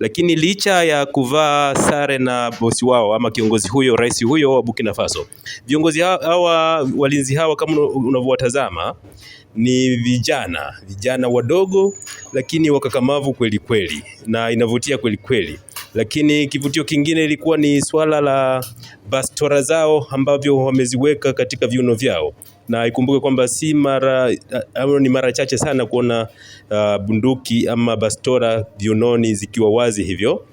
lakini licha ya kuvaa sare na bosi wao ama kiongozi huyo, rais huyo wa Burkina Faso, viongozi hawa, walinzi hawa kama unavyowatazama ni vijana vijana wadogo, lakini wakakamavu kweli kweli, na inavutia kweli kweli. Lakini kivutio kingine ilikuwa ni swala la bastora zao ambavyo wameziweka katika viuno vyao, na ikumbuke kwamba si mara au ni mara chache sana kuona uh, bunduki ama bastora viunoni zikiwa wazi hivyo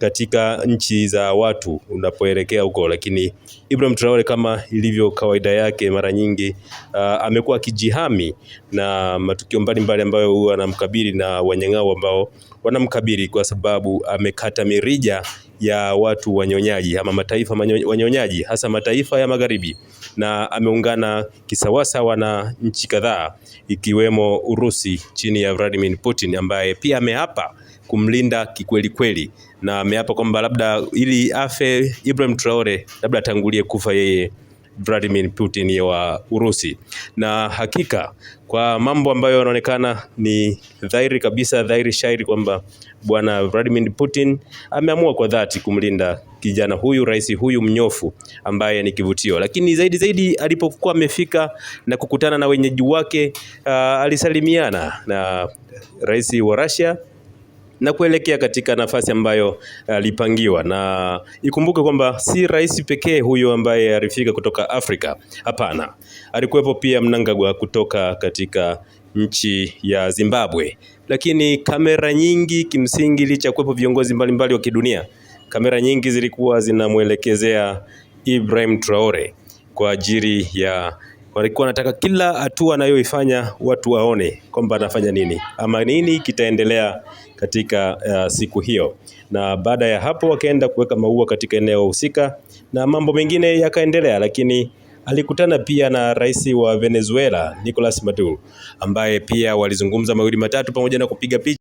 katika nchi za watu unapoelekea huko, lakini Ibrahim Traore kama ilivyo kawaida yake mara nyingi uh, amekuwa akijihami na matukio mbalimbali ambayo huwa anamkabili na wanyang'ao ambao wanamkabili kwa sababu amekata mirija ya watu wanyonyaji ama mataifa wanyonyaji hasa mataifa ya magharibi, na ameungana kisawasawa na nchi kadhaa ikiwemo Urusi chini ya Vladimir Putin ambaye pia ameapa kumlinda kikwelikweli, na ameapa kwamba labda ili afe Ibrahim Traore labda atangulie kufa yeye Vladimir Putin ye wa Urusi. Na hakika kwa mambo ambayo yanaonekana ni dhahiri kabisa, dhahiri shairi kwamba bwana Vladimir Putin ameamua kwa dhati kumlinda kijana huyu, rais huyu mnyofu ambaye ni kivutio. Lakini zaidi zaidi, alipokuwa amefika na kukutana na wenyeji wake, uh, ah, alisalimiana na rais wa Russia na kuelekea katika nafasi ambayo uh, alipangiwa. na ikumbuke kwamba si rais pekee huyo ambaye alifika kutoka Afrika. Hapana, alikuwepo pia Mnangagwa kutoka katika nchi ya Zimbabwe. Lakini kamera nyingi kimsingi, licha kuwepo viongozi mbalimbali wa kidunia, kamera nyingi zilikuwa zinamwelekezea Ibrahim Traore kwa ajili ya walikuwa wanataka kila hatua anayoifanya watu waone kwamba anafanya nini ama nini kitaendelea katika uh, siku hiyo. Na baada ya hapo wakaenda kuweka maua katika eneo husika na mambo mengine yakaendelea, lakini alikutana pia na rais wa Venezuela Nicolas Maduro ambaye pia walizungumza mawili matatu pamoja na kupiga picha.